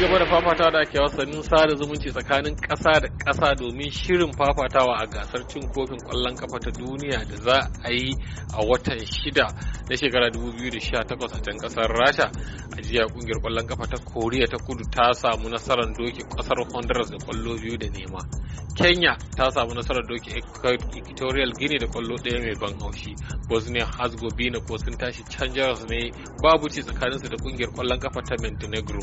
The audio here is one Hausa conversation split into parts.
gaba da fafata da ake wasannin sada zumunci tsakanin ƙasa da ƙasa domin shirin fafatawa a gasar cin kofin ƙwallon kafa ta duniya da za a yi a watan shida na shekara 2018 a can ƙasar rasha a jiya ƙungiyar ƙwallon kafa ta koriya ta kudu ta samu nasarar doki ƙasar honduras da ƙwallo biyu da nema kenya ta samu nasarar doki equatorial gini da ƙwallo ɗaya mai ban haushi bosnia herzegovina ko sun tashi can ne babu ci tsakaninsu da ƙungiyar ƙwallon kafa ta montenegro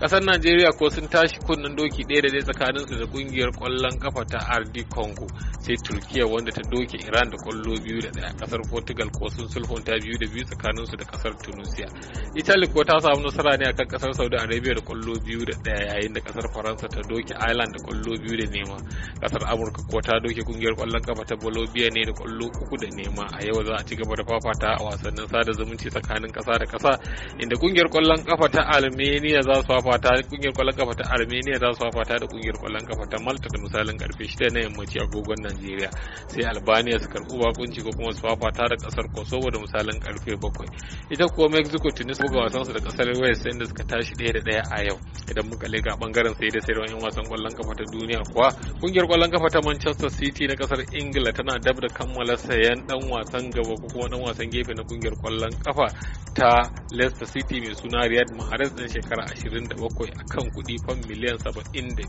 ƙasar Najeriya ko sun tashi kunnen doki ɗaya da ɗaya su da kungiyar kwallon kafa ta RD Congo sai Turkiya wanda ta doke Iran da ƙwallo biyu da ɗaya ƙasar Portugal ko sun sulhunta biyu da biyu tsakanin su da ƙasar Tunisia. Italy ko ta samu nasara ne akan ƙasar Saudi Arabia da ƙwallo biyu da ɗaya yayin da kasar Faransa ta doke Ireland da ƙwallo biyu da nema. Ƙasar Amurka ko ta doke kungiyar ƙwallon kafa ta Bolivia ne da ƙwallo uku da nema a yau za a ci gaba da fafata a wasannin sada zumunci tsakanin ƙasa da ƙasa inda kungiyar ƙwallon kafa ta Armenia za su fafata kungiyar kwallon kafa ta armenia za su fafata da kungiyar kwallon kafa ta malta da misalin karfe 6 na yammaci agogon najeriya sai albania su karbi bakunci ko kuma su fafata da kasar kosovo da misalin karfe 7 ita kuwa mexico tunis buga wasansu da kasar wales inda suka tashi ɗaya da ɗaya a yau idan muka lega bangaren sai da sayarwa yan wasan kwallon kafa ta duniya kuwa kungiyar kwallon kafa ta Manchester City na kasar Ingila tana dab da kammala sayan dan wasan gaba ko kuma dan wasan gefe na kungiyar kwallon kafa ta Leicester City mai suna Riyad Mahrez din shekara 27 akan kudi fam miliyan 75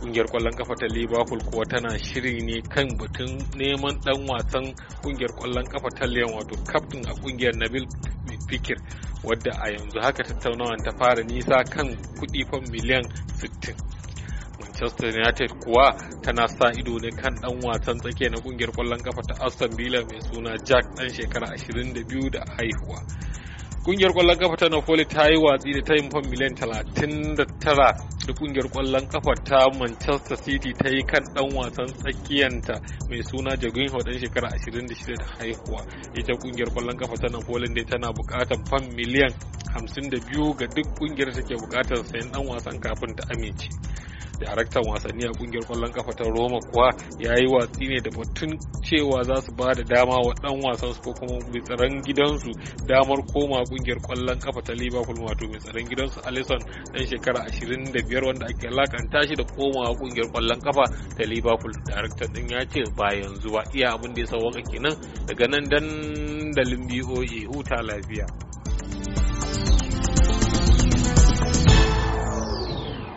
kungiyar kwallon kafa ta Liverpool kuwa tana shiri ne kan batun neman dan wasan kungiyar kwallon kafa ta Lyon wato captain a kungiyar Nabil Fikir wadda a yanzu haka tattaunawa ta fara nisa kan kuɗi fan miliyan 60 manchester united kuwa tana sa ido ne kan ɗan wasan tsakiya na ƙungiyar kwallon kafa ta aston villa mai suna jack ɗan shekara 22 da haihuwa kungiyar kwallon kafa ta napoli ta yi watsi da ta yi fan miliyan 39 da kungiyar kwallon kafa ta manchester city ta yi kan dan wasan tsakiyanta mai suna jorginho dan shekara 26 da haihuwa ita kungiyar kwallon kafa ta napoli dai tana bukatar fan miliyan 52 ga duk kungiyar take bukatar sayan dan wasan kafin ta amince daraktan wasanni a kungiyar kwallon kafa ta roma kuwa ya yi watsi ne da batun cewa za su ba da dama wa dan wasan su ko kuma mai tsaron gidansu damar koma kungiyar kwallon kafa ta liverpool wato mai tsaron gidansu alisson dan shekara da biyar wanda ake lakanta shi da komawa kungiyar kwallon kafa ta liverpool daraktan din ya ce ba yanzu ba iya abin da ya sauwaka kenan daga nan dandalin boa huta lafiya